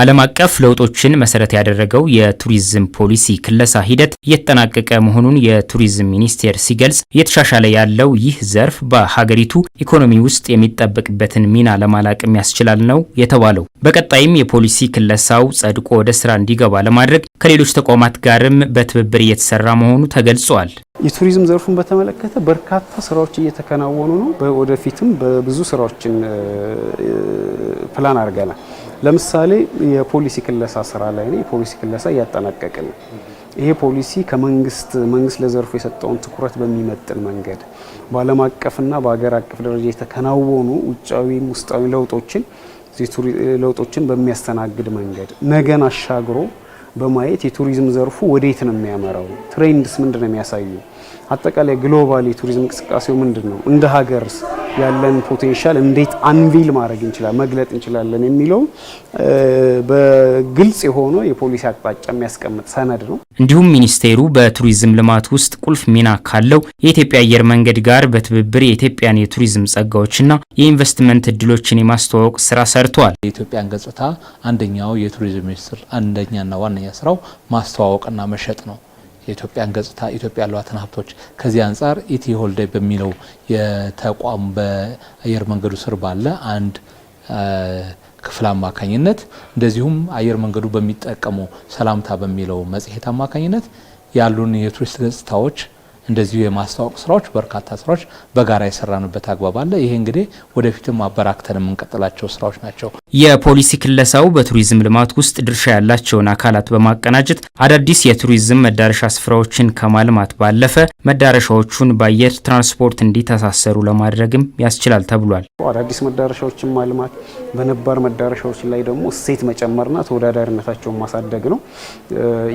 ዓለም አቀፍ ለውጦችን መሰረት ያደረገው የቱሪዝም ፖሊሲ ክለሳ ሂደት እየተጠናቀቀ መሆኑን የቱሪዝም ሚኒስቴር ሲገልጽ እየተሻሻለ ያለው ይህ ዘርፍ በሀገሪቱ ኢኮኖሚ ውስጥ የሚጠበቅበትን ሚና ለማላቅም ያስችላል ነው የተባለው። በቀጣይም የፖሊሲ ክለሳው ጸድቆ ወደ ስራ እንዲገባ ለማድረግ ከሌሎች ተቋማት ጋርም በትብብር እየተሰራ መሆኑ ተገልጿል። የቱሪዝም ዘርፉን በተመለከተ በርካታ ስራዎች እየተከናወኑ ነው። ወደፊትም በብዙ ስራዎችን ፕላን አድርገናል። ለምሳሌ የፖሊሲ ክለሳ ስራ ላይ ነው። የፖሊሲ ክለሳ እያጠናቀቅን ይሄ ፖሊሲ ከመንግስት መንግስት ለዘርፉ የሰጠውን ትኩረት በሚመጥን መንገድ በዓለም አቀፍና በሀገር አቀፍ ደረጃ የተከናወኑ ውጫዊም ውስጣዊ ለውጦችን ለውጦችን በሚያስተናግድ መንገድ ነገን አሻግሮ በማየት የቱሪዝም ዘርፉ ወዴት ነው የሚያመራው፣ ትሬንድስ ምንድን ነው የሚያሳዩ፣ አጠቃላይ ግሎባል የቱሪዝም እንቅስቃሴው ምንድን ነው፣ እንደ ሀገርስ ያለን ፖቴንሻል እንዴት አንቪል ማድረግ እንችላለን መግለጥ እንችላለን የሚለው በግልጽ የሆነ የፖሊሲ አቅጣጫ የሚያስቀምጥ ሰነድ ነው። እንዲሁም ሚኒስቴሩ በቱሪዝም ልማት ውስጥ ቁልፍ ሚና ካለው የኢትዮጵያ አየር መንገድ ጋር በትብብር የኢትዮጵያን የቱሪዝም ጸጋዎችና የኢንቨስትመንት እድሎችን የማስተዋወቅ ስራ ሰርተዋል። የኢትዮጵያን ገጽታ አንደኛው የቱሪዝም ሚኒስትር አንደኛና ዋነኛ ስራው ማስተዋወቅና መሸጥ ነው። የኢትዮጵያን ገጽታ ኢትዮጵያ ያሏትን ሀብቶች ከዚህ አንጻር ኢቲ ሆልዴይ በሚለው የተቋም በአየር መንገዱ ስር ባለ አንድ ክፍል አማካኝነት እንደዚሁም አየር መንገዱ በሚጠቀሙ ሰላምታ በሚለው መጽሔት አማካኝነት ያሉን የቱሪስት ገጽታዎች እንደዚሁ የማስታወቅ ስራዎች በርካታ ስራዎች በጋራ የሰራንበት አግባብ አለ። ይሄ እንግዲህ ወደፊትም አበራክተን የምንቀጥላቸው ስራዎች ናቸው። የፖሊሲ ክለሳው በቱሪዝም ልማት ውስጥ ድርሻ ያላቸውን አካላት በማቀናጀት አዳዲስ የቱሪዝም መዳረሻ ስፍራዎችን ከማልማት ባለፈ መዳረሻዎቹን በአየር ትራንስፖርት እንዲተሳሰሩ ለማድረግም ያስችላል ተብሏል። አዳዲስ መዳረሻዎችን ማልማት፣ በነባር መዳረሻዎች ላይ ደግሞ እሴት መጨመርና ተወዳዳሪነታቸውን ማሳደግ ነው።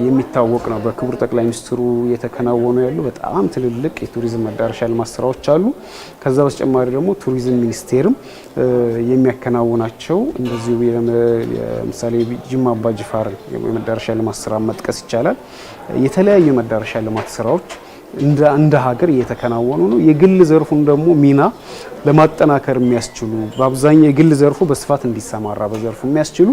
የሚታወቅ ነው። በክቡር ጠቅላይ ሚኒስትሩ እየተከናወኑ ያሉ በጣም ትልልቅ የቱሪዝም መዳረሻ ልማት ስራዎች አሉ። ከዛ በተጨማሪ ደግሞ ቱሪዝም ሚኒስቴርም የሚያከናውናቸው እንደዚሁ ለምሳሌ ጅማ አባጅፋር የመዳረሻ ልማት ስራ መጥቀስ ይቻላል። የተለያዩ የመዳረሻ ልማት ስራዎች እንደ ሀገር እየተከናወኑ ነው። የግል ዘርፉን ደግሞ ሚና ለማጠናከር የሚያስችሉ በአብዛኛው የግል ዘርፉ በስፋት እንዲሰማራ በዘርፉ የሚያስችሉ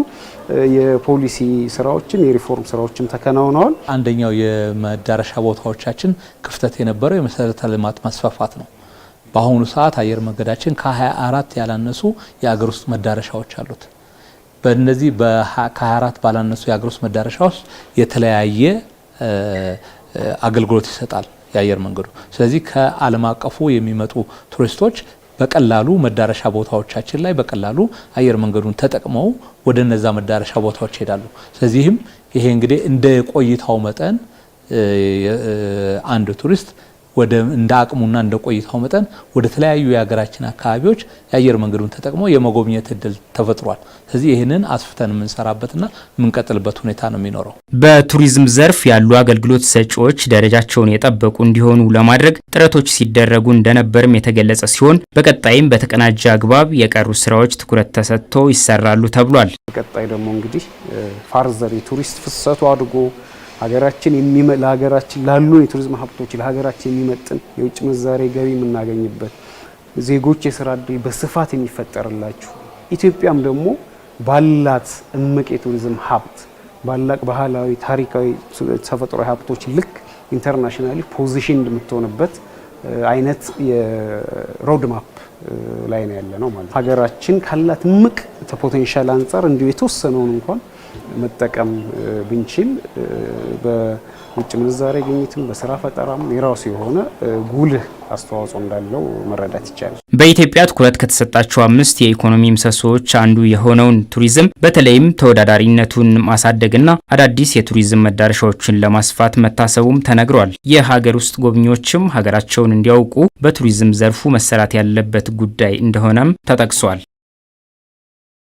የፖሊሲ ስራዎችን የሪፎርም ስራዎችም ተከናውነዋል። አንደኛው የመዳረሻ ቦታዎቻችን ክፍተት የነበረው የመሰረተ ልማት ማስፋፋት ነው። በአሁኑ ሰዓት አየር መንገዳችን ከ24 ያላነሱ የአገር ውስጥ መዳረሻዎች አሉት። በእነዚህ ከ24 ባላነሱ የአገር ውስጥ መዳረሻዎች የተለያየ አገልግሎት ይሰጣል የአየር መንገዱ። ስለዚህ ከዓለም አቀፉ የሚመጡ ቱሪስቶች በቀላሉ መዳረሻ ቦታዎቻችን ላይ በቀላሉ አየር መንገዱን ተጠቅመው ወደ እነዛ መዳረሻ ቦታዎች ይሄዳሉ። ስለዚህም ይሄ እንግዲህ እንደ ቆይታው መጠን አንድ ቱሪስት ወደ እንደ አቅሙና እንደ ቆይታው መጠን ወደ ተለያዩ የሀገራችን አካባቢዎች የአየር መንገዱን ተጠቅሞ የመጎብኘት እድል ተፈጥሯል። ስለዚህ ይህንን አስፍተን የምንሰራበትና የምንቀጥልበት ሁኔታ ነው የሚኖረው። በቱሪዝም ዘርፍ ያሉ አገልግሎት ሰጪዎች ደረጃቸውን የጠበቁ እንዲሆኑ ለማድረግ ጥረቶች ሲደረጉ እንደነበርም የተገለጸ ሲሆን በቀጣይም በተቀናጀ አግባብ የቀሩ ስራዎች ትኩረት ተሰጥቶ ይሰራሉ ተብሏል። በቀጣይ ደግሞ እንግዲህ ፋርዘር የቱሪስት ፍሰቱ አድጎ ሀገራችን ለሀገራችን ላሉ የቱሪዝም ሀብቶች ለሀገራችን የሚመጥን የውጭ ምንዛሬ ገቢ የምናገኝበት ዜጎች የስራ እድል በስፋት የሚፈጠርላችሁ ኢትዮጵያም ደግሞ ባላት እምቅ የቱሪዝም ሀብት ባላቅ ባህላዊ፣ ታሪካዊ፣ ተፈጥሯዊ ሀብቶች ልክ ኢንተርናሽናሊ ፖዚሽን እንደምትሆንበት አይነት የሮድ ማፕ ላይ ነው ያለ ነው ማለት ሀገራችን ካላት እምቅ ፖቴንሻል አንጻር እንዲሁ የተወሰነውን እንኳን መጠቀም ብንችል በውጭ ምንዛሬ ግኝትም በስራ ፈጠራም የራሱ የሆነ ጉልህ አስተዋጽኦ እንዳለው መረዳት ይቻላል። በኢትዮጵያ ትኩረት ከተሰጣቸው አምስት የኢኮኖሚ ምሰሶዎች አንዱ የሆነውን ቱሪዝም በተለይም ተወዳዳሪነቱን ማሳደግና አዳዲስ የቱሪዝም መዳረሻዎችን ለማስፋት መታሰቡም ተነግሯል። የሀገር ውስጥ ጎብኚዎችም ሀገራቸውን እንዲያውቁ በቱሪዝም ዘርፉ መሰራት ያለበት ጉዳይ እንደሆነም ተጠቅሷል።